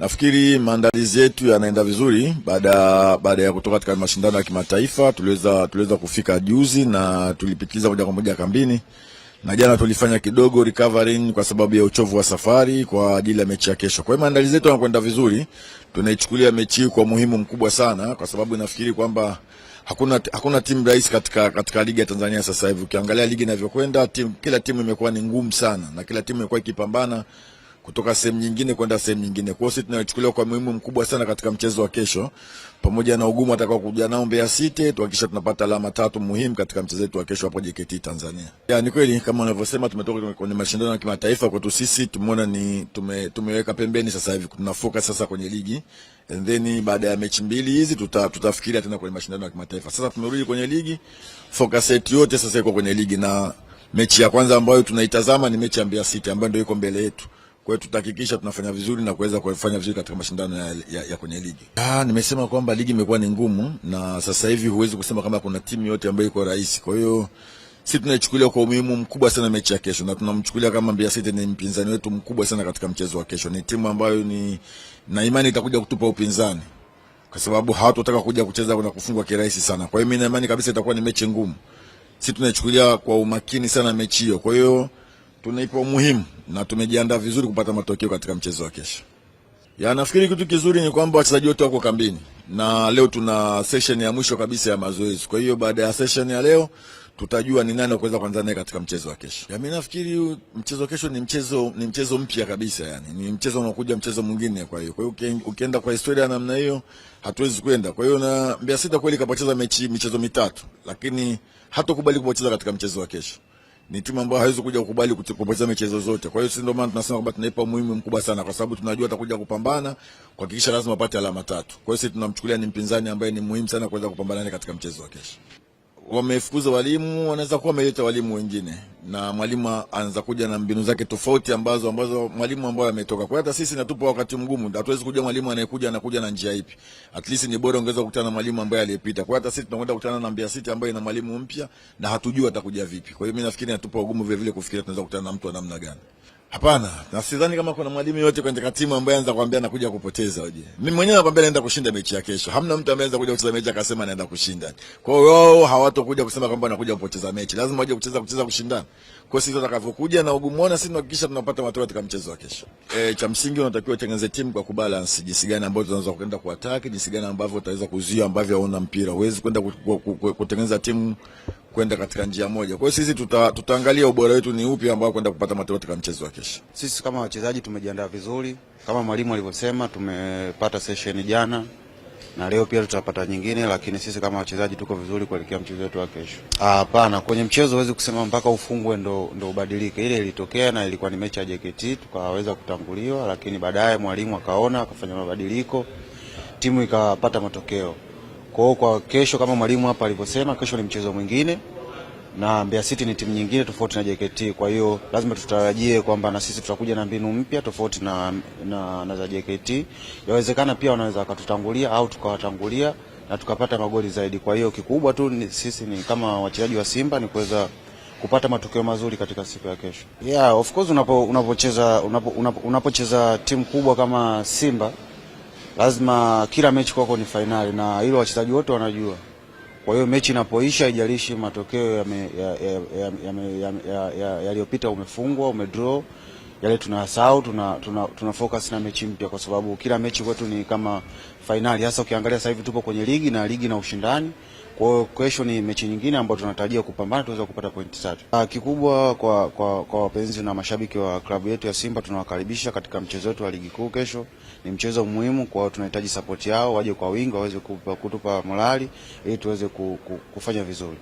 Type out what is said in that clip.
Nafikiri maandalizi yetu yanaenda vizuri. Baada baada ya kutoka katika mashindano ya kimataifa tuliweza tuliweza kufika juzi na tulipitiliza moja kwa moja kambini, na jana tulifanya kidogo recovering kwa sababu ya uchovu wa safari kwa ajili ya mechi ya kesho. Kwa hiyo maandalizi yetu yanakwenda vizuri, tunaichukulia mechi kwa muhimu mkubwa sana, kwa sababu nafikiri kwamba hakuna, hakuna timu rahisi katika, katika ligi ya Tanzania sasa hivi. Ukiangalia ligi inavyokwenda, timu, kila timu imekuwa ni ngumu sana na kila timu imekuwa ikipambana kutoka sehemu nyingine kwenda sehemu nyingine. Kwa hiyo sisi tunachukulia kwa muhimu mkubwa sana katika mchezo wa kesho, pamoja na ugumu atakao kuja nao Mbeya City, tuhakikisha tunapata alama tatu muhimu katika mchezo wetu wa kesho hapo JKT Tanzania. Ya, ni kweli kama unavyosema, tumetoka kwenye mashindano ya kimataifa, kwetu sisi tumeona ni tume, tumeweka pembeni sasa hivi tuna focus sasa kwenye ligi and then baada ya mechi mbili hizi tuta, tutafikiria tena kwenye mashindano ya kimataifa. Sasa tumerudi kwenye ligi, focus yetu yote sasa iko kwenye ligi na mechi ya kwanza ambayo tunaitazama ni mechi ya Mbeya City ambayo ndio iko mbele yetu. Kwa hiyo tutahakikisha tunafanya vizuri na kuweza kufanya vizuri katika mashindano ya, ya, ya kwenye ligi. Ah, nimesema kwamba ligi imekuwa ni ngumu na sasa hivi huwezi kusema kama kuna timu yote ambayo iko rahisi. Kwa hiyo sisi tunaichukulia kwa umuhimu mkubwa sana mechi ya kesho, na tunamchukulia kama Mbeya City ni mpinzani wetu mkubwa sana katika mchezo wa kesho. Ni timu ambayo ni na imani itakuja kutupa upinzani, kwa sababu hawatotaka kuja kucheza na kufungwa kirahisi sana. Kwa hiyo mimi na imani kabisa itakuwa ni mechi ngumu. Sisi tunaichukulia kwa umakini sana mechi hiyo, kwa hiyo tunaipa umuhimu na tumejiandaa vizuri kupata matokeo katika mchezo wa kesho. Ya, nafikiri kitu kizuri ni kwamba wachezaji wote wako kambini na leo tuna session ya mwisho kabisa ya mazoezi. Kwa hiyo baada ya session ya leo tutajua ni nani kuweza kuanza naye katika mchezo wa kesho. Ya, mimi nafikiri mchezo wa kesho ni mchezo ni mchezo mpya kabisa yani. Ni mchezo unaokuja mchezo mwingine kwa hiyo. Kwa hiyo ukienda kwa historia ya namna hiyo hatuwezi kwenda. Kwa hiyo na Mbeya City kweli kapocheza mechi michezo mitatu lakini hatokubali kupocheza katika mchezo wa kesho ni timu ambayo haiwezi kuja kukubali kupoteza michezo zote. Kwa hiyo sisi ndio maana tunasema kwamba tunaipa umuhimu mkubwa sana, kwa sababu tunajua atakuja kupambana kuhakikisha lazima apate alama tatu. Kwa hiyo sisi tunamchukulia ni mpinzani ambaye ni muhimu sana kuweza kupambana naye katika mchezo wa kesho wamefukuza walimu, wanaweza kuwa wameleta walimu wengine, na mwalimu anaweza kuja na mbinu zake tofauti ambazo ambazo mwalimu ambaye ametoka. Kwa hata sisi natupa wakati mgumu, hatuwezi kuja mwalimu anayekuja anakuja na njia ipi. At least ni bora ungeweza kukutana na mwalimu ambaye aliyepita. Kwa hata sisi tunakwenda kukutana na Mbeya City ambayo ina mwalimu mpya na hatujui atakuja vipi. Kwa hiyo mimi nafikiri natupa ugumu vile vile kufikiria tunaweza kukutana na mtu wa namna gani. Hapana, na sidhani kama kuna mwalimu yote katika timu ambaye anaanza kuambia anakuja kupoteza hoje. Mimi mwenyewe nakwambia naenda kushinda mechi ya kesho. Hamna mtu ambaye anaweza kuja kucheza mechi akasema anaenda kushinda. Kwa hiyo wao hawatokuja kusema kwamba anakuja kupoteza mechi. Lazima waje kucheza kucheza kushindana. Kwa sisi tutakavyokuja na ugumu wao, sisi tunahakikisha tunapata matokeo katika mchezo wa kesho. E, cha msingi unatakiwa utengeneze timu kwa kubalance jinsi gani ambavyo tunaweza kwenda kuattack, jinsi gani ambavyo utaweza kuzuia ambavyo hauna mpira. Huwezi kwenda kutengeneza timu kwenda katika njia moja. Kwa hiyo sisi tuta, tutaangalia ubora wetu ni upi ambao kwenda kupata matokeo katika mchezo wa kesho. Sisi kama wachezaji tumejiandaa vizuri, kama mwalimu alivyosema, tumepata session jana na leo pia tutapata nyingine, lakini sisi kama wachezaji tuko vizuri kuelekea mchezo wetu wa kesho. Hapana, kwenye mchezo huwezi kusema mpaka ufungwe ndo, ndo ubadilike. Ile ilitokea na ilikuwa ni mechi ya JKT, tukaweza kutanguliwa, lakini baadaye mwalimu akaona akafanya mabadiliko, timu ikapata matokeo. Kwa hiyo kwa kesho, kama mwalimu hapa alivyosema, kesho ni mchezo mwingine na Mbeya City ni timu nyingine tofauti na JKT. Kwa hiyo lazima tutarajie kwamba na sisi tutakuja na mbinu mpya tofauti na, na, na za JKT. Yawezekana pia wanaweza wakatutangulia au tukawatangulia na tukapata magoli zaidi. Kwa hiyo kikubwa tu ni, sisi ni kama wachezaji wa Simba ni kuweza kupata matokeo mazuri katika siku ya kesho. Yeah, of course unapocheza unapo unapocheza unapo, unapo timu kubwa kama Simba lazima kila mechi kwako ni fainali, na hilo wachezaji wote wanajua. Kwa hiyo mechi inapoisha, haijalishi matokeo yaliyopita, umefungwa umedraw, yale tunasahau, tuna, tuna, tuna focus na mechi mpya, kwa sababu kila mechi kwetu ni kama fainali, hasa ukiangalia sasa hivi tupo kwenye ligi na ligi na ushindani kwa hiyo kesho ni mechi nyingine ambayo tunatarajia kupambana tuweza kupata pointi tatu. Ah, kikubwa kwa, kwa, kwa wapenzi na mashabiki wa klabu yetu ya Simba tunawakaribisha katika mchezo wetu wa ligi kuu kesho. Ni mchezo muhimu, kwa hiyo tunahitaji support yao, waje kwa wingi waweze kutupa morali ili tuweze kufanya vizuri.